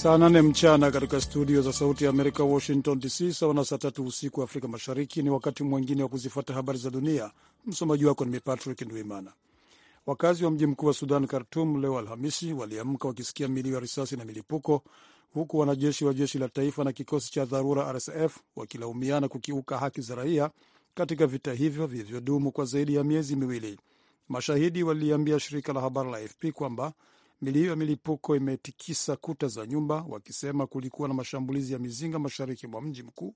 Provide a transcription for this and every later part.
saa nane mchana katika studio za Sauti ya Amerika, Washington DC, sawa na saa tatu usiku wa Afrika Mashariki. Ni wakati mwingine wa kuzifata habari za dunia. Msomaji wako ni Patrick Ndwimana. Wakazi wa mji mkuu wa Sudan, Khartum, leo Alhamisi waliamka wakisikia milio ya risasi na milipuko, huku wanajeshi wa jeshi la taifa na kikosi cha dharura RSF wakilaumiana kukiuka haki za raia katika vita hivyo vilivyodumu kwa zaidi ya miezi miwili. Mashahidi waliambia shirika la habari la AFP kwamba Milio ya milipuko imetikisa kuta za nyumba, wakisema kulikuwa na mashambulizi ya mizinga mashariki mwa mji mkuu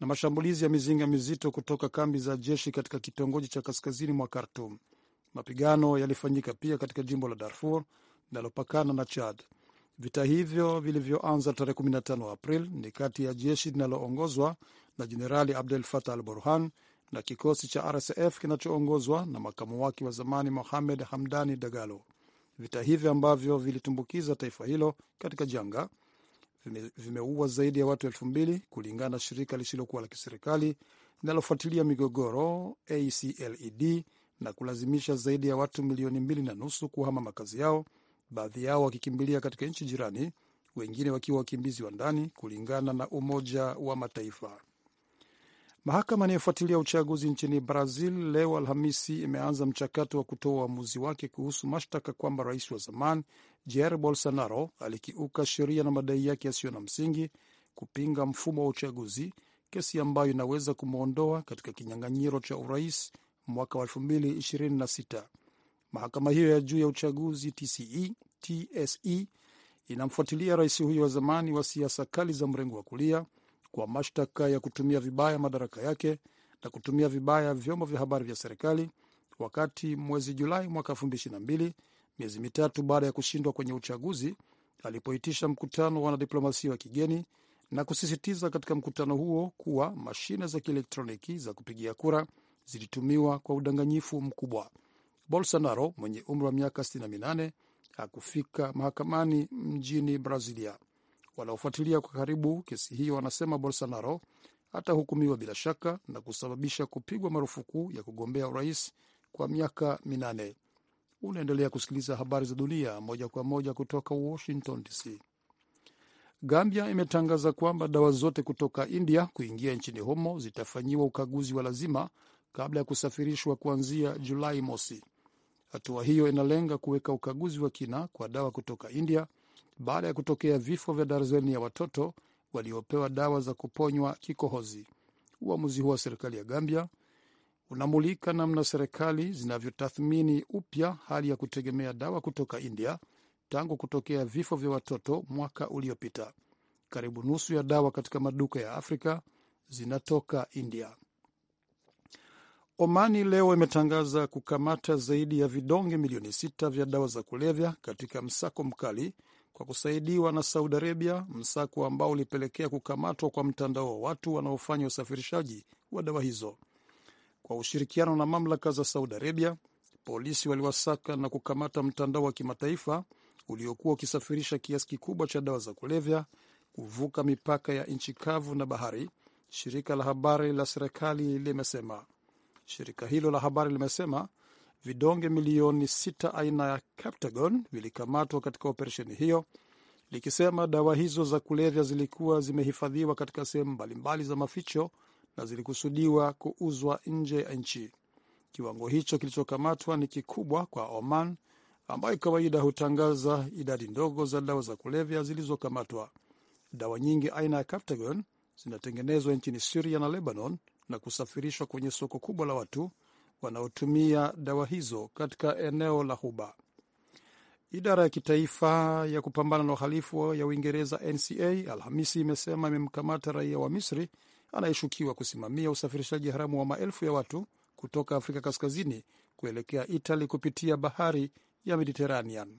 na mashambulizi ya mizinga mizito kutoka kambi za jeshi katika kitongoji cha kaskazini mwa Khartum. Mapigano yalifanyika pia katika jimbo la Darfur linalopakana na Chad. Vita hivyo vilivyoanza tarehe 15 April ni kati ya jeshi linaloongozwa na Jenerali Abdel Fatah al Burhan na kikosi cha RSF kinachoongozwa na makamu wake wa zamani Mohamed Hamdani Dagalo. Vita hivyo ambavyo vilitumbukiza taifa hilo katika janga vimeua zaidi ya watu elfu mbili kulingana na shirika lisilokuwa la kiserikali linalofuatilia migogoro ACLED na kulazimisha zaidi ya watu milioni mbili na nusu kuhama makazi yao, baadhi yao wakikimbilia katika nchi jirani, wengine wakiwa wakimbizi wa ndani, kulingana na Umoja wa Mataifa. Mahakama inayofuatilia uchaguzi nchini Brazil leo Alhamisi imeanza mchakato wa kutoa uamuzi wake kuhusu mashtaka kwamba rais wa zamani Jair Bolsonaro alikiuka sheria na madai yake yasiyo na msingi kupinga mfumo wa uchaguzi, kesi ambayo inaweza kumwondoa katika kinyang'anyiro cha urais mwaka wa 2026. Mahakama hiyo ya juu ya uchaguzi TCE, TSE inamfuatilia rais huyo wa zamani wa siasa kali za mrengo wa kulia kwa mashtaka ya kutumia vibaya madaraka yake na kutumia vibaya vyombo vya habari vya serikali wakati mwezi Julai mwaka 2022 miezi mitatu baada ya kushindwa kwenye uchaguzi alipoitisha mkutano wa wanadiplomasia wa kigeni na kusisitiza katika mkutano huo kuwa mashine za kielektroniki za kupigia kura zilitumiwa kwa udanganyifu mkubwa. Bolsonaro mwenye umri wa miaka 68 hakufika mahakamani mjini Brazilia. Wanaofuatilia kwa karibu kesi hiyo wanasema Bolsonaro atahukumiwa bila shaka na kusababisha kupigwa marufuku ya kugombea urais kwa miaka minane. Unaendelea kusikiliza habari za dunia moja kwa moja kutoka Washington DC. Gambia imetangaza kwamba dawa zote kutoka India kuingia nchini humo zitafanyiwa ukaguzi wa lazima kabla ya kusafirishwa kuanzia Julai mosi. Hatua hiyo inalenga kuweka ukaguzi wa kina kwa dawa kutoka India baada ya kutokea vifo vya darzeni ya watoto waliopewa dawa za kuponywa kikohozi. Uamuzi huo wa serikali ya Gambia unamulika namna serikali zinavyotathmini upya hali ya kutegemea dawa kutoka India tangu kutokea vifo vya watoto mwaka uliopita. Karibu nusu ya dawa katika maduka ya Afrika zinatoka India. Omani leo imetangaza kukamata zaidi ya vidonge milioni sita vya dawa za kulevya katika msako mkali kwa kusaidiwa na Saudi Arabia, msako ambao ulipelekea kukamatwa kwa mtandao wa watu wanaofanya usafirishaji wa dawa hizo. Kwa ushirikiano na mamlaka za Saudi Arabia, polisi waliwasaka na kukamata mtandao wa kimataifa uliokuwa ukisafirisha kiasi kikubwa cha dawa za kulevya kuvuka mipaka ya nchi kavu na bahari, shirika la habari la serikali limesema. Shirika hilo la habari limesema Vidonge milioni sita aina ya Captagon vilikamatwa katika operesheni hiyo, likisema dawa hizo za kulevya zilikuwa zimehifadhiwa katika sehemu mbalimbali za maficho na zilikusudiwa kuuzwa nje ya nchi. Kiwango hicho kilichokamatwa ni kikubwa kwa Oman ambayo kawaida hutangaza idadi ndogo za dawa za kulevya zilizokamatwa. Dawa nyingi aina ya Captagon zinatengenezwa nchini Siria na Lebanon na kusafirishwa kwenye soko kubwa la watu wanaotumia dawa hizo katika eneo la Huba. Idara ya kitaifa ya kupambana na uhalifu ya Uingereza, NCA, Alhamisi imesema imemkamata raia wa Misri anayeshukiwa kusimamia usafirishaji haramu wa maelfu ya watu kutoka Afrika Kaskazini kuelekea Itali kupitia bahari ya Mediteranean.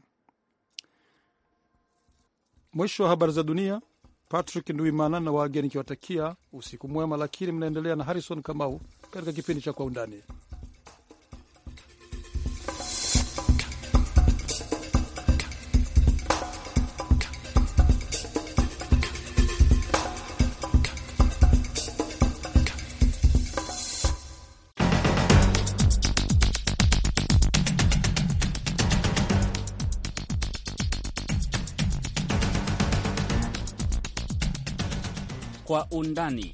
Mwisho wa habari za dunia. Patrick Nduimana na wageni kiwatakia usiku mwema, lakini mnaendelea na Harrison Kamau katika kipindi cha Kwa Undani. undani.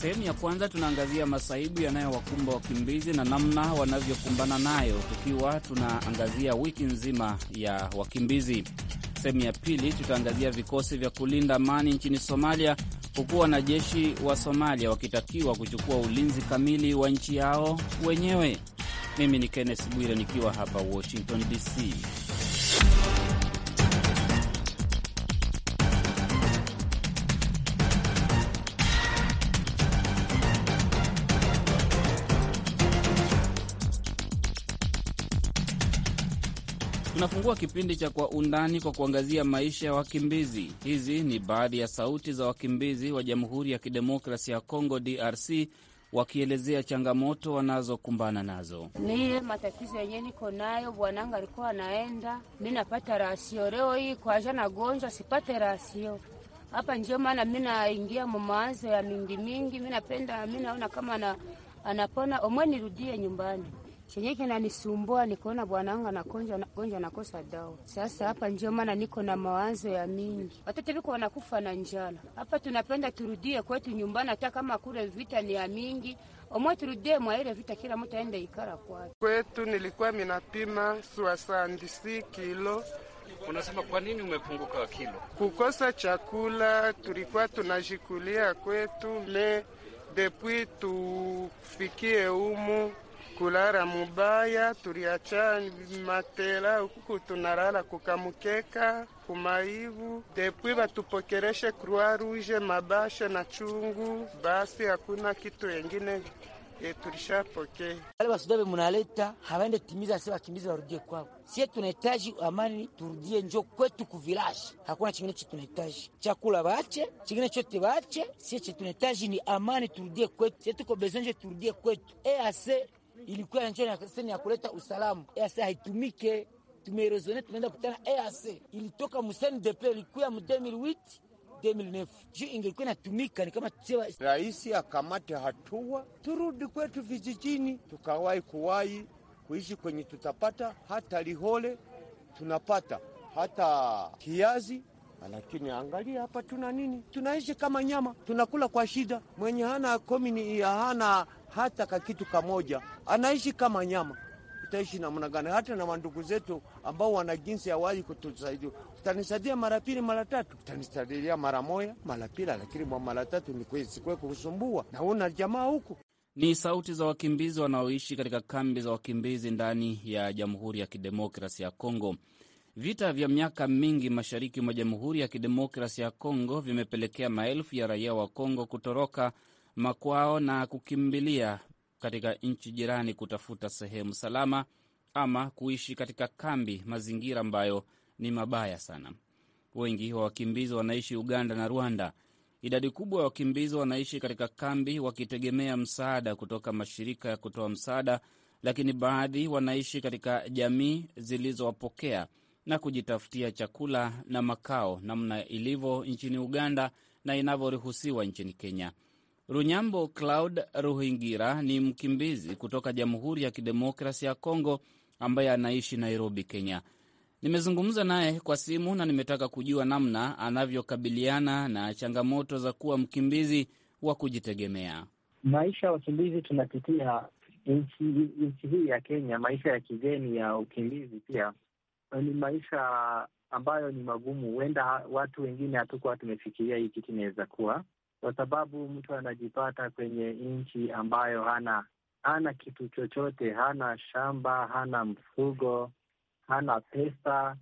Sehemu ya kwanza tunaangazia masaibu yanayowakumba wakimbizi na namna wanavyokumbana nayo, tukiwa tunaangazia wiki nzima ya wakimbizi. Sehemu ya pili tutaangazia vikosi vya kulinda amani nchini Somalia, huku wanajeshi wa Somalia wakitakiwa kuchukua ulinzi kamili wa nchi yao wenyewe. Mimi ni Kenneth Bwire nikiwa hapa Washington DC. Tunafungua kipindi cha Kwa Undani kwa kuangazia maisha ya wakimbizi. Hizi ni baadhi ya sauti za wakimbizi wa Jamhuri ya Kidemokrasia ya Kongo, DRC, wakielezea changamoto wanazokumbana nazo. Niye matatizo yenye niko nayo, bwananga alikuwa anaenda, mi napata rasio. Leo hii kwaja na gonjwa, sipate rasio hapa, njio maana mi naingia mumawazo ya mingi mingi. Mi napenda mi naona kama na, anapona omwe nirudie nyumbani chenye kinanisumbua nikaona bwana wangu anagonjwa gonjwa nakosa dawa. Sasa hapa ndio maana niko na mawazo ya mingi, watoto viko wanakufa na njala hapa. Tunapenda turudie kwetu nyumbani, hata kama kule vita ni ya mingi omwe turudie mwaile vita, kila mtu aende ikara kwake. Kwetu nilikuwa minapima swasandisi kilo Unasema kwa nini umepunguka kilo? Kukosa chakula, tulikuwa tunajikulia kwetu le depuis tufikie umu kulala mubaya, tuliacha matela huku tunalala kukamukeka kumaivu depui batupokereshe Croix Rouge mabashe na chungu, basi hakuna kitu yengine tulishapokea. Wale wasudabe munaleta hawaende timiza se wakimbizi warudie kwabo. Sie tunahitaji amani, turudie njo kwetu kuvilashi. Hakuna chingine che tunahitaji, chakula bache, chingine chote bache. Sie che tunahitaji ni amani, turudie kwetu. Sie tuko bezenje, turudie kwetu ase ilikuwa na njia ya kuleta usalama. EAC haitumike, tumerezone, tumeenda kutana. EAC ilitoka msndp ilikuwa mu 2008 2009 juu ingekuwa inatumika ni kama tewa. Rais akamate hatua, turudi kwetu vijijini, tukawai kuwai kuishi kwenye tutapata hata lihole, tunapata hata kiazi lakini angalia hapa, tuna nini? Tunaishi kama nyama, tunakula kwa shida. Mwenye hana komini, hana hata kakitu kamoja, anaishi kama nyama. Utaishi namna gani? Hata na wandugu zetu ambao wana jinsi ya wali kutusaidia, utanisaidia mara pili mara tatu, utanisaidia mara moja mara pili, lakini mwa mara tatu ni kweli, sikwe kusumbua na una jamaa huku Ni sauti za wakimbizi wanaoishi katika kambi za wakimbizi ndani ya Jamhuri ya Kidemokrasi ya Kongo. Vita vya miaka mingi mashariki mwa Jamhuri ya Kidemokrasi ya Kongo vimepelekea maelfu ya raia wa Kongo kutoroka makwao na kukimbilia katika nchi jirani kutafuta sehemu salama ama kuishi katika kambi, mazingira ambayo ni mabaya sana. Wengi wa wakimbizi wanaishi Uganda na Rwanda. Idadi kubwa ya wakimbizi wanaishi katika kambi wakitegemea msaada kutoka mashirika ya kutoa msaada, lakini baadhi wanaishi katika jamii zilizowapokea na kujitafutia chakula na makao, namna ilivyo nchini Uganda na inavyoruhusiwa nchini Kenya. Runyambo Cloud Ruhingira ni mkimbizi kutoka Jamhuri ya Kidemokrasi ya Kongo ambaye anaishi Nairobi, Kenya. Nimezungumza naye kwa simu na nimetaka kujua namna anavyokabiliana na changamoto za kuwa mkimbizi wa kujitegemea. Maisha ya wakimbizi tunapitia nchi hii ya Kenya, maisha ya kigeni ya ukimbizi pia Eh, ni maisha ambayo ni magumu. Huenda watu wengine hatukuwa tumefikiria hii kitu inaweza kuwa, kwa sababu mtu anajipata kwenye nchi ambayo hana hana kitu chochote, hana shamba, hana mfugo, hana pesa.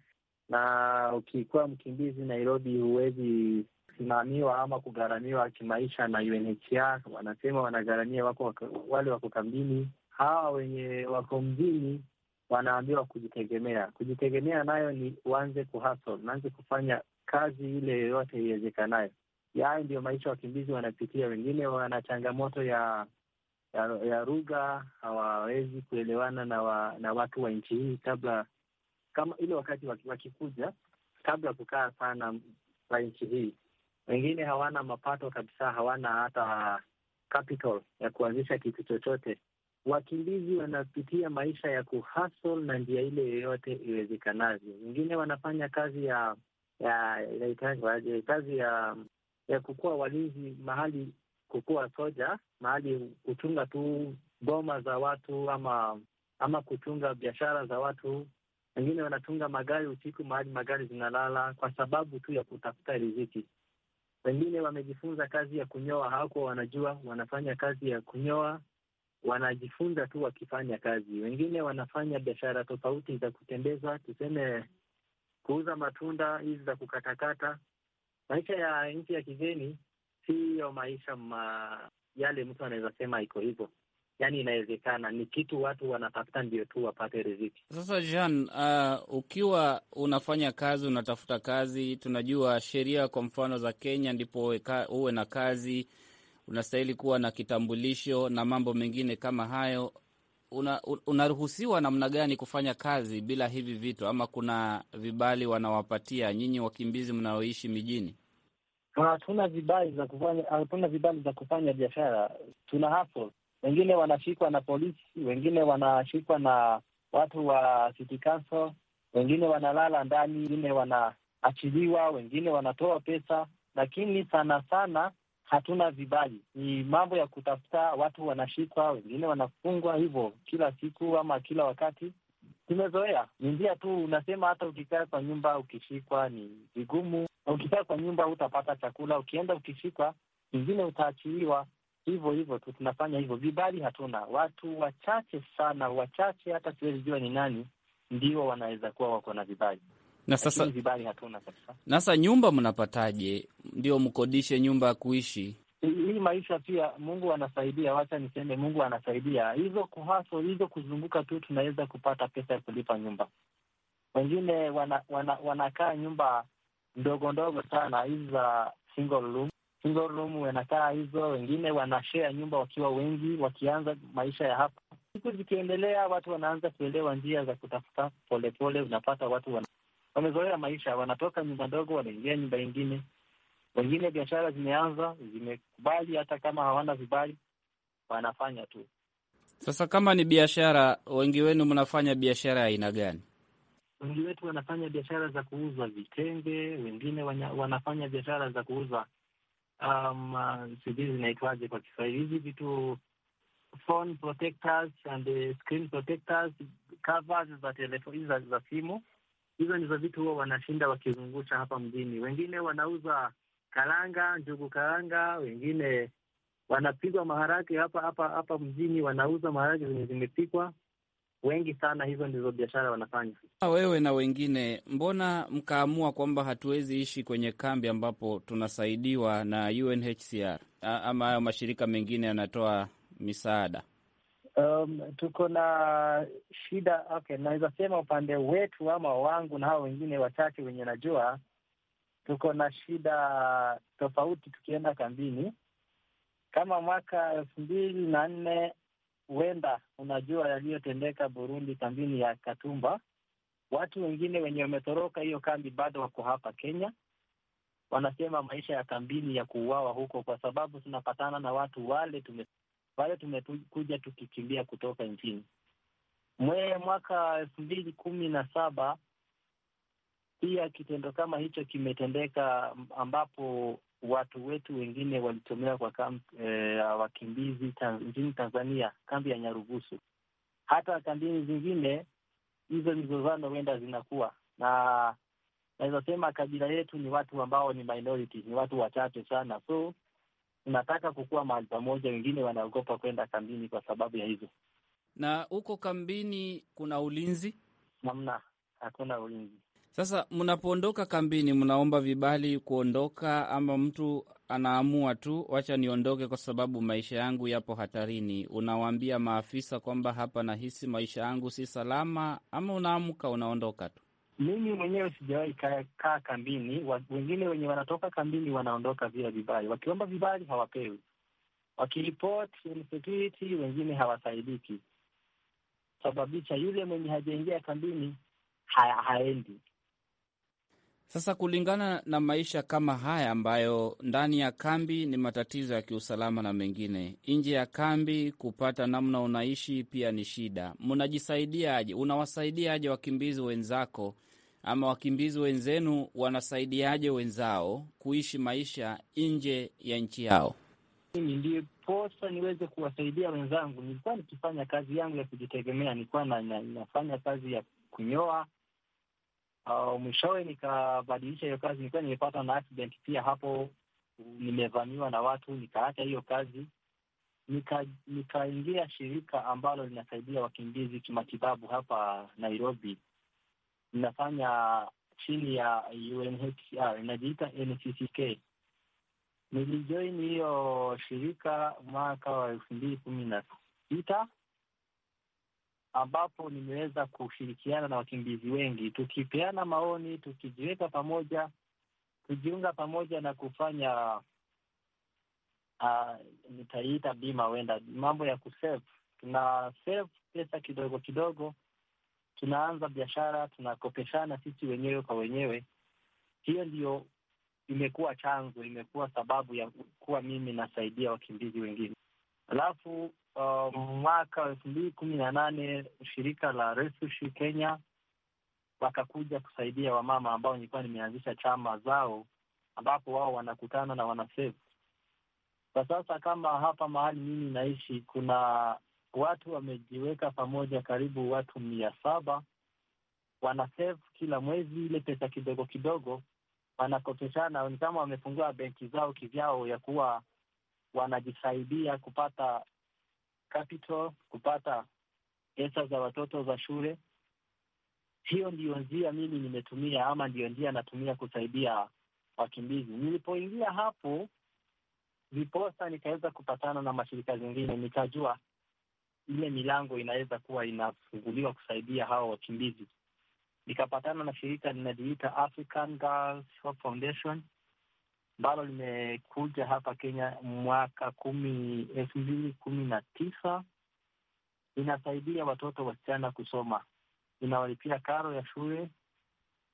Na ukikuwa mkimbizi Nairobi, huwezi simamiwa ama kugharamiwa kimaisha na UNHCR. Wanasema wanagharamia wako wale wako kambini, hawa wenye wako mjini wanaambiwa kujitegemea. Kujitegemea nayo ni uanze kuhaso, naanze kufanya kazi ile yoyote iwezekanayo. Yayo yaani ndio maisha wakimbizi wanapitia. Wengine wana changamoto ya ya, ya lugha, hawawezi kuelewana na wa, na watu wa nchi hii kabla kama ile wakati wakikuja kabla kukaa sana kwa nchi hii. Wengine hawana mapato kabisa, hawana hata capital ya kuanzisha kitu chochote wakimbizi wanapitia maisha ya kuhustle na njia ile yoyote iwezekanavyo. Wengine wanafanya kazi ya ya, ya kazi ya ya kukuwa walinzi mahali, kukuwa soja mahali, kuchunga tu boma za watu ama ama kuchunga biashara za watu. Wengine wanachunga magari usiku mahali magari zinalala kwa sababu tu ya kutafuta riziki. Wengine wamejifunza kazi ya kunyoa, hawakuwa wanajua wanafanya kazi ya kunyoa wanajifunza tu wakifanya kazi. Wengine wanafanya biashara tofauti za kutembeza, tuseme kuuza matunda hizi za kukatakata. Maisha ya nchi ya kigeni siyo maisha ma... yale mtu anaweza sema iko hivyo, yaani inawezekana, ni kitu watu wanatafuta ndio tu wapate riziki. Sasa Jean, uh, ukiwa unafanya kazi, unatafuta kazi, tunajua sheria kwa mfano za Kenya ndipo uwe, uwe na kazi unastahili kuwa na kitambulisho na mambo mengine kama hayo. Una, unaruhusiwa namna gani kufanya kazi bila hivi vitu, ama kuna vibali wanawapatia nyinyi wakimbizi mnaoishi mijini? Hatuna vibali za kufanya, hatuna vibali za kufanya biashara. Tuna hapo, wengine wanashikwa na polisi, wengine wanashikwa na watu wa city council, wengine wanalala ndani, wengine wanaachiliwa, wengine wanatoa pesa, lakini sana sana hatuna vibali, ni mambo ya kutafuta. Watu wanashikwa, wengine wanafungwa hivyo kila siku ama kila wakati. Tumezoea, ni njia tu. Unasema hata ukikaa kwa nyumba ukishikwa ni vigumu, na ukikaa kwa nyumba hutapata chakula, ukienda ukishikwa ingine utaachiliwa hivyo hivyo tu, tunafanya hivyo. Vibali hatuna, watu wachache sana, wachache hata siwezi jua ni nani ndio wanaweza kuwa wako na vibali na sasa vibali hatuna kabisa. Sasa nyumba mnapataje? Ndio mkodishe nyumba ya kuishi? Hii maisha pia Mungu anasaidia, wacha niseme Mungu anasaidia. Hizo kuhaso hizo kuzunguka tu, tunaweza kupata pesa ya kulipa nyumba. Wengine wana, wana, wanakaa nyumba ndogo ndogo sana hizi za single room, single room wanakaa hizo. Wengine wanashare nyumba wakiwa wengi, wakianza maisha ya hapa. Siku zikiendelea, watu wanaanza kuelewa njia za kutafuta polepole, unapata watu wana wamezoea maisha, wanatoka nyumba ndogo wanaingia nyumba ingine. Wengine biashara zimeanza, zimekubali, hata kama hawana vibali wanafanya tu. Sasa kama ni biashara, wengi wenu mnafanya biashara ya aina gani? Wengi wetu wanafanya biashara za kuuza vitenge, wengine wanafanya biashara za kuuza um, uh, sijui zinaitwaje kwa Kiswahili hizi vitu phone protectors and uh, screen protectors, covers za telefoni za simu Hizo ndizo vitu huwa wanashinda wakizungusha hapa mjini. Wengine wanauza karanga, njugu karanga, wengine wanapigwa maharage hapa hapa hapa mjini, wanauza maharage zenye zimepikwa wengi sana. Hizo ndizo biashara wanafanya. Wewe na wengine, mbona mkaamua kwamba hatuwezi ishi kwenye kambi ambapo tunasaidiwa na UNHCR ama hayo mashirika mengine yanatoa misaada? Um, tuko na shida okay, naweza sema upande wetu ama wangu na hao wengine wachache wenye najua, tuko na shida tofauti. Tukienda kambini kama mwaka elfu mbili na nne huenda unajua yaliyotendeka Burundi, kambini ya Katumba. Watu wengine wenye wametoroka hiyo kambi bado wako hapa Kenya, wanasema maisha ya kambini ya kuuawa huko, kwa sababu tunapatana na watu wale tume wale tumekuja tukikimbia kutoka nchini mwe mwaka elfu mbili kumi na saba pia kitendo kama hicho kimetendeka, ambapo watu wetu wengine walitolewa kwa kambi eh, ya e, wakimbizi nchini Tanzania, kambi ya Nyarugusu. Hata kambini zingine hizo mizozano huenda zinakuwa na naweza sema kabila yetu ni watu ambao ni minority, ni watu wachache sana, so unataka kukuwa mahali pamoja, wengine wanaogopa kwenda kambini kwa sababu ya hizo. Na huko kambini kuna ulinzi? namna hakuna ulinzi. Sasa mnapoondoka kambini, mnaomba vibali kuondoka ama mtu anaamua tu, wacha niondoke kwa sababu maisha yangu yapo hatarini? Unawaambia maafisa kwamba hapa nahisi maisha yangu si salama, ama unaamka unaondoka tu? Mimi mwenyewe sijawahi kaa ka kambini. Wengine wenye wanatoka kambini wanaondoka bila vibali, wakiomba vibali hawapewi, wakiripot wengine hawasaidiki, sababisha yule mwenye hajaingia kambini haendi. Sasa kulingana na maisha kama haya ambayo ndani ya kambi ni matatizo ya kiusalama na mengine, nje ya kambi kupata namna unaishi pia ni shida. Mnajisaidiaje? Unawasaidiaje wakimbizi wenzako ama wakimbizi wenzenu wanasaidiaje wenzao kuishi maisha nje ya nchi yao? Ndiposa niweze kuwasaidia wenzangu, nilikuwa nikifanya kazi yangu ya kujitegemea, nilikuwa na, na, nafanya kazi ya kunyoa. Uh, mwishowe nikabadilisha hiyo kazi, nilikuwa nimepata na accident pia hapo, nimevamiwa na watu, nikaacha hiyo kazi nikaingia nika shirika ambalo linasaidia wakimbizi kimatibabu hapa Nairobi inafanya chini ya UNHCR inajiita NCCK. Nilijoin hiyo shirika mwaka wa elfu mbili kumi na sita ambapo nimeweza kushirikiana na wakimbizi wengi, tukipeana maoni, tukijiweka pamoja, kujiunga pamoja na kufanya uh, ah, nitaiita bima wenda mambo ya kusave, tuna save pesa kidogo kidogo tunaanza biashara, tunakopeshana sisi wenyewe kwa wenyewe. Hiyo ndiyo imekuwa chanzo, imekuwa sababu ya kuwa mimi nasaidia wakimbizi wengine. Alafu uh, mwaka wa elfu mbili kumi na nane shirika la Refuge Kenya wakakuja kusaidia wamama ambao nilikuwa nimeanzisha chama zao, ambapo wao wanakutana na wanasave. Kwa sasa kama hapa mahali mimi naishi kuna watu wamejiweka pamoja karibu watu mia saba wana save kila mwezi ile pesa kidogo kidogo, wanakopeshana, ni kama wamefungua benki zao kivyao, ya kuwa wanajisaidia kupata capital, kupata pesa za watoto za shule. Hiyo ndiyo njia mimi nimetumia ama ndiyo njia natumia kusaidia wakimbizi. Nilipoingia hapo viposa, nikaweza kupatana na mashirika zingine, nikajua ile milango inaweza kuwa inafunguliwa kusaidia hawa wakimbizi. Nikapatana na shirika linajiita African Girls Hope Foundation ambalo limekuja hapa Kenya mwaka kumi elfu mbili kumi na tisa. Inasaidia watoto wasichana kusoma, inawalipia karo ya shule,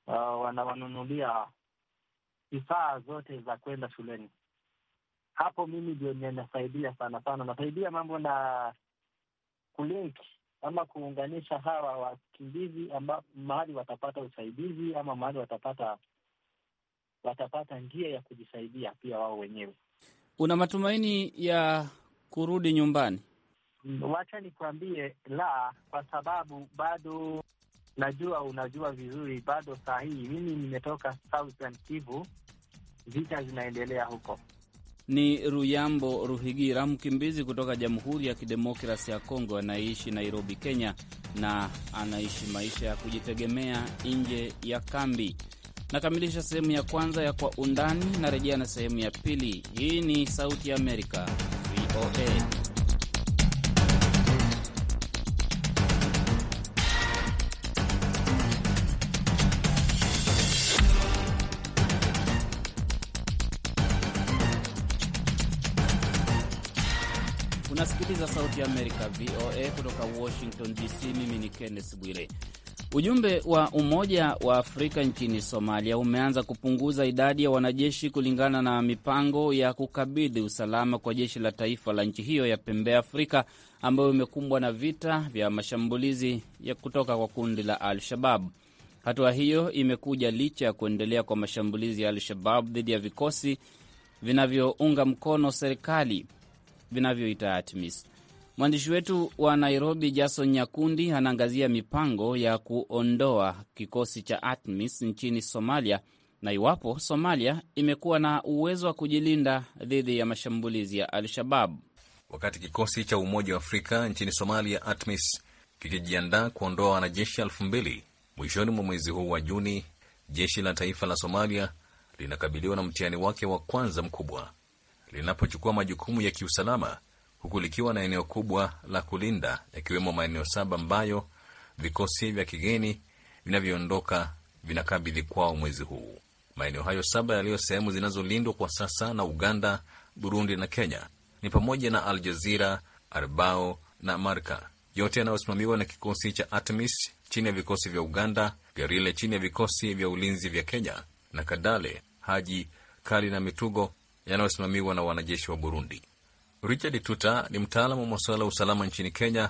uh, wanawanunulia vifaa zote za kwenda shuleni. Hapo mimi ndio ninasaidia sana sana, nasaidia mambo na kulinki ama kuunganisha hawa wakimbizi amba, mahali watapata usaidizi ama mahali watapata watapata njia ya kujisaidia pia wao wenyewe. Una matumaini ya kurudi nyumbani? Wacha nikuambie la, kwa sababu bado najua, unajua vizuri, bado saa hii mimi nimetoka Southern Kivu, vita zinaendelea huko. Ni Ruyambo Ruhigira, mkimbizi kutoka Jamhuri ya Kidemokrasi ya Kongo, anayeishi Nairobi, Kenya, na anaishi maisha ya kujitegemea nje ya kambi. Nakamilisha sehemu ya kwanza ya Kwa Undani, narejea na sehemu ya pili. Hii ni Sauti ya Amerika, VOA. Sauti Amerika, VOA kutoka Washington DC. Mimi ni Kenneth Bwire. Ujumbe wa Umoja wa Afrika nchini Somalia umeanza kupunguza idadi ya wanajeshi kulingana na mipango ya kukabidhi usalama kwa jeshi la taifa la nchi hiyo ya pembe Afrika ambayo imekumbwa na vita vya mashambulizi ya kutoka kwa kundi la Al-Shabab. Hatua hiyo imekuja licha ya kuendelea kwa mashambulizi ya Al-Shabab dhidi ya vikosi vinavyounga mkono serikali vinavyoita ATMIS. Mwandishi wetu wa Nairobi, Jason Nyakundi, anaangazia mipango ya kuondoa kikosi cha ATMIS nchini Somalia na iwapo Somalia imekuwa na uwezo wa kujilinda dhidi ya mashambulizi ya Al-Shabab. Wakati kikosi cha Umoja wa Afrika nchini Somalia, ATMIS, kikijiandaa kuondoa wanajeshi elfu mbili mwishoni mwa mwezi huu wa Juni, jeshi la taifa la Somalia linakabiliwa na mtihani wake wa kwanza mkubwa linapochukua majukumu ya kiusalama huku likiwa na eneo kubwa la kulinda yakiwemo maeneo saba ambayo vikosi vya kigeni vinavyoondoka vinakabidhi kwao mwezi huu. Maeneo hayo saba yaliyo sehemu zinazolindwa kwa sasa na Uganda, Burundi na Kenya ni pamoja na Aljazira, Arbao na Marka, yote yanayosimamiwa na kikosi cha ATMIS chini ya vikosi vya Uganda, Garile chini ya vikosi vya ulinzi vya Kenya na Kadale, Haji Kali na Mitugo yanayosimamiwa na wanajeshi wa Burundi. Richard Tuta ni mtaalamu wa masuala ya usalama nchini Kenya,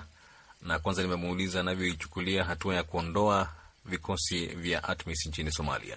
na kwanza nimemuuliza anavyoichukulia hatua ya kuondoa vikosi vya ATMIS nchini Somalia.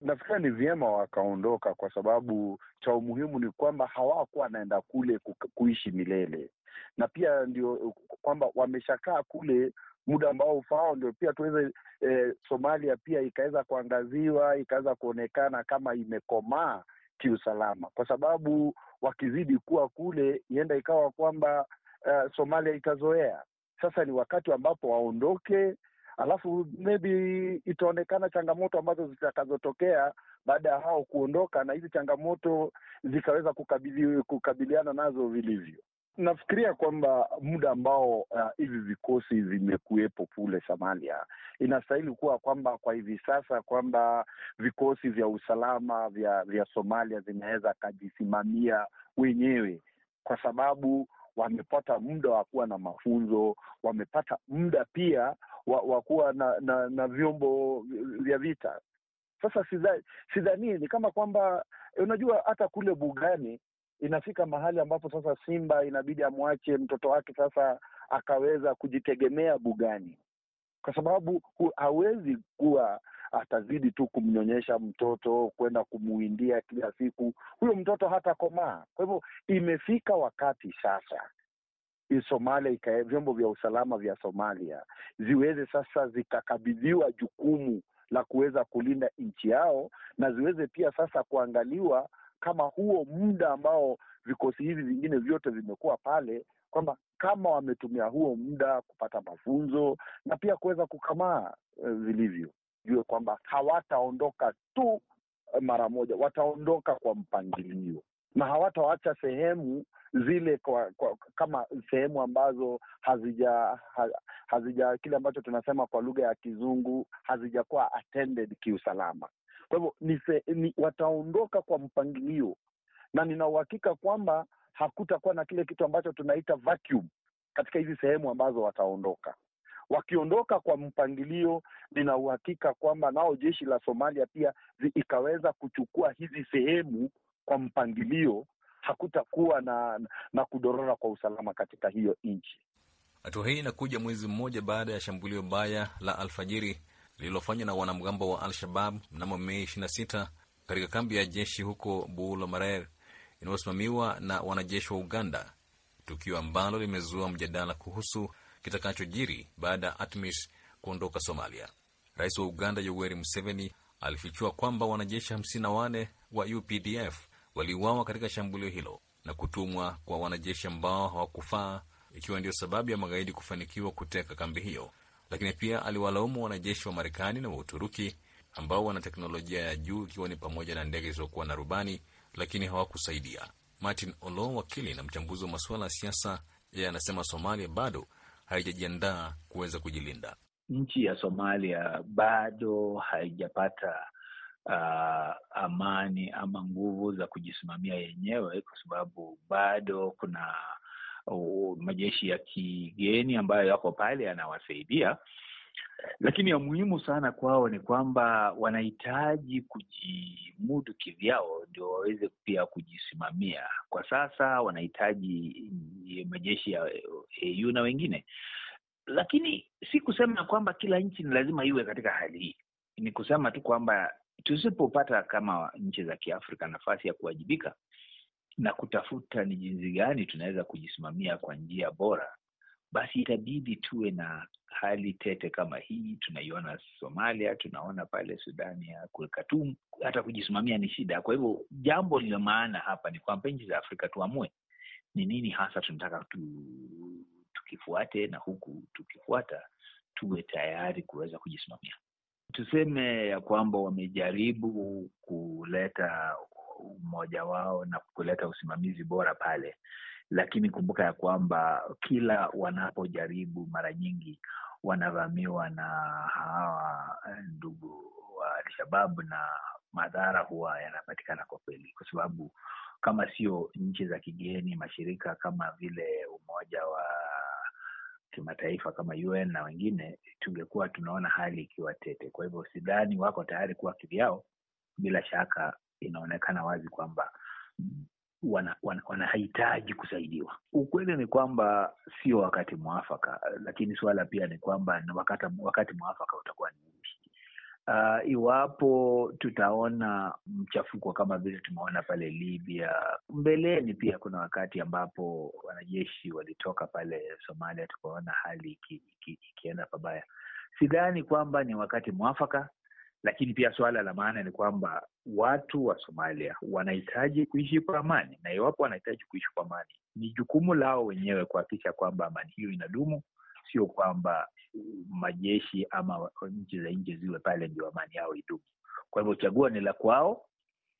Nafikiri ni vyema wakaondoka, kwa sababu cha umuhimu ni kwamba hawakuwa wanaenda kule kuishi milele, na pia ndio kwamba wameshakaa kule muda ambao ufaao, ndio pia tuweze eh, Somalia pia ikaweza kuangaziwa, ikaweza kuonekana kama imekomaa kiusalama, kwa sababu wakizidi kuwa kule, ienda ikawa kwamba uh, Somalia itazoea. Sasa ni wakati ambapo waondoke, alafu maybe itaonekana changamoto ambazo zitakazotokea baada ya hao kuondoka, na hizi changamoto zikaweza kukabili, kukabiliana nazo vilivyo nafikiria kwamba muda ambao uh, hivi uh, vikosi vimekuwepo kule Somalia uh, inastahili kuwa kwamba kwa hivi sasa kwamba vikosi vya usalama vya vya Somalia zinaweza kajisimamia wenyewe kwa sababu wamepata muda wa kuwa na mafunzo, wamepata muda pia wa kuwa na, na, na vyombo vya vita. Sasa sidhanii, ni kama kwamba unajua, hata kule bugani inafika mahali ambapo sasa Simba inabidi amwache mtoto wake sasa akaweza kujitegemea bugani, kwa sababu hawezi kuwa atazidi tu kumnyonyesha mtoto kwenda kumuindia kila siku, huyo mtoto hata komaa Kwa hivyo imefika wakati sasa Somalia ikae, vyombo vya usalama vya Somalia ziweze sasa zikakabidhiwa jukumu la kuweza kulinda nchi yao na ziweze pia sasa kuangaliwa kama huo muda ambao vikosi hivi vingine vyote vimekuwa pale, kwamba kama wametumia huo muda kupata mafunzo na pia kuweza kukamaa eh, vilivyo, jue kwamba hawataondoka tu eh, mara moja, wataondoka kwa mpangilio na hawatawacha sehemu zile kwa, kwa, kama sehemu ambazo hazija ha, hazija kile ambacho tunasema kwa lugha ya Kizungu hazijakuwa attended kiusalama. Kwa hivyo ni, ni wataondoka kwa mpangilio, na nina uhakika kwamba hakutakuwa na kile kitu ambacho tunaita vacuum katika hizi sehemu ambazo wataondoka. Wakiondoka kwa mpangilio, nina uhakika kwamba nao jeshi la Somalia pia ikaweza kuchukua hizi sehemu kwa mpangilio, hakutakuwa na, na kudorora kwa usalama katika hiyo nchi. Hatua hii inakuja mwezi mmoja baada ya shambulio baya la alfajiri lililofanywa na wanamgambo wa Al-Shabab mnamo Mei 26 katika kambi ya jeshi huko Buula Marer inayosimamiwa na wanajeshi wa Uganda, tukio ambalo limezua mjadala kuhusu kitakachojiri baada ya ATMIS kuondoka Somalia. Rais wa Uganda Yoweri Museveni alifichua kwamba wanajeshi 54 wa UPDF waliuawa katika shambulio hilo na kutumwa kwa wanajeshi ambao hawakufaa, ikiwa ndiyo sababu ya magaidi kufanikiwa kuteka kambi hiyo lakini pia aliwalaumu wanajeshi wa Marekani na wa Uturuki ambao wana teknolojia ya juu ikiwa ni pamoja na ndege zilizokuwa na rubani lakini hawakusaidia. Martin Olo, wakili na mchambuzi wa masuala ya siasa, yeye anasema Somalia bado haijajiandaa kuweza kujilinda. Nchi ya Somalia bado haijapata uh, amani ama nguvu za kujisimamia yenyewe, kwa sababu bado kuna majeshi ya kigeni ambayo yako pale yanawasaidia, lakini ya muhimu sana kwao ni kwamba wanahitaji kujimudu kivyao ndio waweze pia kujisimamia. Kwa sasa wanahitaji majeshi ya EU na wengine, lakini si kusema kwamba kila nchi ni lazima iwe katika hali hii. Ni kusema tu kwamba tusipopata kama nchi za Kiafrika nafasi ya kuwajibika na kutafuta ni jinsi gani tunaweza kujisimamia kwa njia bora, basi itabidi tuwe na hali tete kama hii tunaiona Somalia, tunaona pale Sudani ya Khartoum, hata kujisimamia ni shida. Kwa hivyo jambo lilo maana hapa ni kwamba nchi za Afrika tuamue ni nini hasa tunataka tu, tukifuate na huku tukifuata tuwe tayari kuweza kujisimamia. Tuseme ya kwamba wamejaribu kuleta umoja wao na kuleta usimamizi bora pale, lakini kumbuka ya kwamba kila wanapojaribu mara nyingi wanavamiwa na hawa eh, ndugu wa Alshababu na madhara huwa yanapatikana kwa kweli, kwa sababu kama sio nchi za kigeni, mashirika kama vile Umoja wa kimataifa kama UN na wengine, tungekuwa tunaona hali ikiwa tete. Kwa hivyo sidhani wako tayari kuwa kivyao. Bila shaka inaonekana wazi kwamba wanahitaji wana, wana kusaidiwa. Ukweli ni kwamba sio wakati mwafaka, lakini suala pia ni kwamba wakati, wakati mwafaka utakuwa ni upi. Uh, iwapo tutaona mchafuko kama vile tumeona pale Libya mbeleni, pia kuna wakati ambapo wanajeshi walitoka pale Somalia, tukaona hali ikienda iki, iki, pabaya. Sidhani kwamba ni wakati mwafaka lakini pia suala la maana ni kwamba watu wa Somalia wanahitaji kuishi kwa amani, na iwapo wanahitaji kuishi kwa amani, ni jukumu lao wenyewe kuhakikisha kwamba amani hiyo inadumu, sio kwamba majeshi ama nchi za nje ziwe pale ndio amani yao idumu. Kwa hivyo chaguo ni la kwao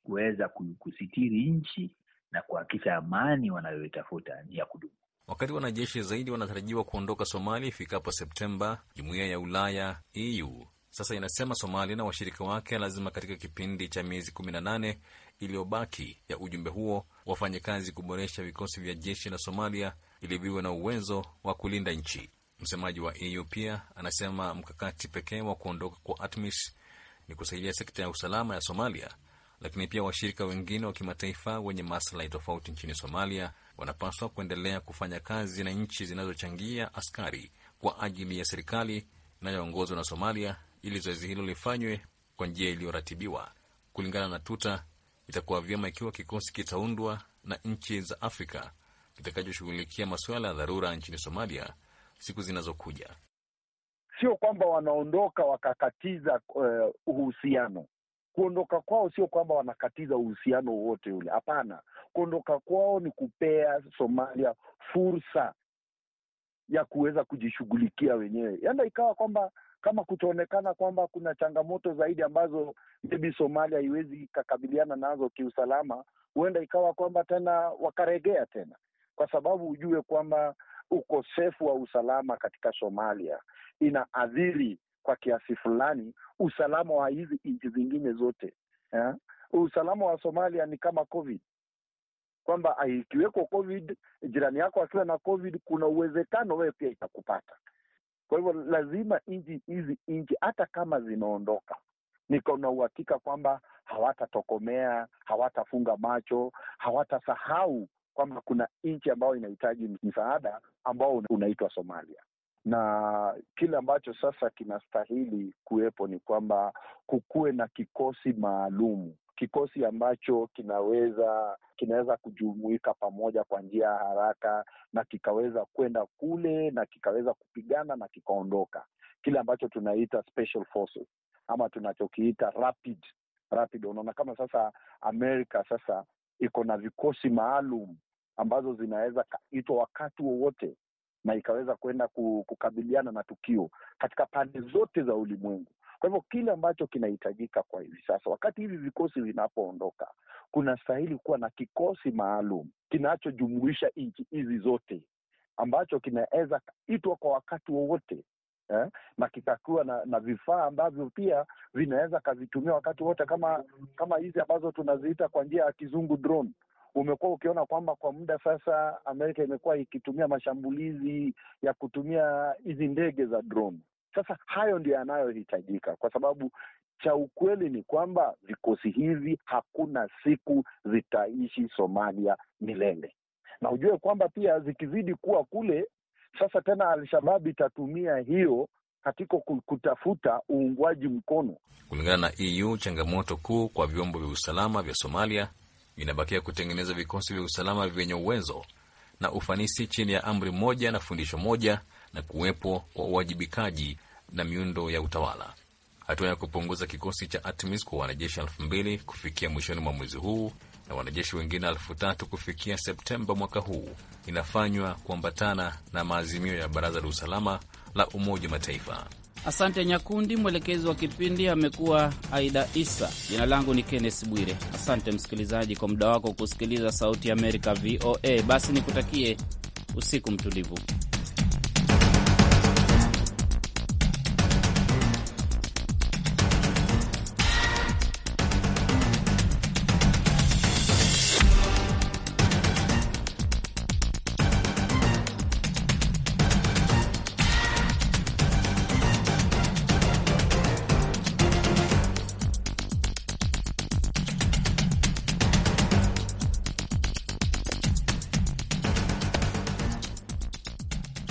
kuweza kusitiri nchi na kuhakikisha amani wanayoitafuta ni ya kudumu. Wakati wanajeshi zaidi wanatarajiwa kuondoka Somalia ifikapo Septemba, jumuiya ya Ulaya EU sasa inasema Somalia na washirika wake lazima katika kipindi cha miezi 18 iliyobaki ya ujumbe huo wafanye kazi kuboresha vikosi vya jeshi la Somalia ili viwe na uwezo wa kulinda nchi. Msemaji wa EU pia anasema mkakati pekee wa kuondoka kwa ATMIS ni kusaidia sekta ya usalama ya Somalia, lakini pia washirika wengine wa kimataifa wenye maslahi tofauti nchini Somalia wanapaswa kuendelea kufanya kazi na nchi zinazochangia askari kwa ajili ya serikali inayoongozwa na Somalia ili zoezi hilo lifanywe kwa njia iliyoratibiwa. Kulingana na Tuta, itakuwa vyema ikiwa kikosi kitaundwa na nchi za Afrika kitakachoshughulikia masuala ya dharura nchini Somalia siku zinazokuja. Sio kwamba wanaondoka wakakatiza uh, uhusiano. Kuondoka kwao sio kwamba wanakatiza uhusiano wowote ule, hapana. Kuondoka kwao ni kupea Somalia fursa ya kuweza kujishughulikia wenyewe, yanda ikawa kwamba kama kutaonekana kwamba kuna changamoto zaidi ambazo maybe Somalia haiwezi ikakabiliana nazo kiusalama, huenda ikawa kwamba tena wakaregea tena, kwa sababu hujue kwamba ukosefu wa usalama katika Somalia inaathiri kwa kiasi fulani usalama wa hizi nchi zingine zote yeah? Usalama wa Somalia ni kama COVID kwamba ikiweko COVID, jirani yako akiwa na COVID, kuna uwezekano wewe pia itakupata. Kwa hivyo lazima nchi hizi nchi hata kama zinaondoka, niko na uhakika kwamba hawatatokomea, hawatafunga macho, hawatasahau kwamba kuna nchi ambayo inahitaji msaada ambao unaitwa Somalia na kile ambacho sasa kinastahili kuwepo ni kwamba kukuwe na kikosi maalum kikosi ambacho kinaweza kinaweza kujumuika pamoja kwa njia ya haraka na kikaweza kwenda kule na kikaweza kupigana na kikaondoka, kile ambacho tunaita special forces ama tunachokiita rapid rapid. Unaona, kama sasa Amerika sasa iko na vikosi maalum ambazo zinaweza kaitwa wakati wowote na ikaweza kwenda kukabiliana na tukio katika pande zote za ulimwengu. Kwa hivyo kile ambacho kinahitajika kwa hivi sasa, wakati hivi vikosi vinapoondoka, kunastahili kuwa na kikosi maalum kinachojumuisha nchi hizi zote ambacho kinaweza itwa kwa wakati wowote eh, na kitakiwa na, na vifaa ambavyo pia vinaweza kavitumia wakati wote, kama kama hizi ambazo tunaziita kwa njia ya kizungu drone. Umekuwa ukiona kwamba kwa muda sasa Amerika imekuwa ikitumia mashambulizi ya kutumia hizi ndege za drone sasa hayo ndio yanayohitajika, kwa sababu cha ukweli ni kwamba vikosi hivi hakuna siku zitaishi Somalia milele, na ujue kwamba pia zikizidi kuwa kule sasa tena Alshabab itatumia hiyo katika kutafuta uungwaji mkono. Kulingana na EU, changamoto kuu kwa vyombo vya usalama vya Somalia inabakia kutengeneza vikosi vya usalama vyenye uwezo na ufanisi chini ya amri moja na fundisho moja na kuwepo kwa uwajibikaji na miundo ya utawala. Hatua ya kupunguza kikosi cha ATMIS kwa wanajeshi elfu mbili kufikia mwishoni mwa mwezi huu na wanajeshi wengine elfu tatu kufikia Septemba mwaka huu inafanywa kuambatana na maazimio ya Baraza la Usalama la Umoja wa Mataifa. Asante Nyakundi. Mwelekezi wa kipindi amekuwa Aida Isa. Jina langu ni kennes Bwire. Asante msikilizaji kwa muda wako kusikiliza Sauti ya Amerika, VOA. Basi nikutakie usiku mtulivu.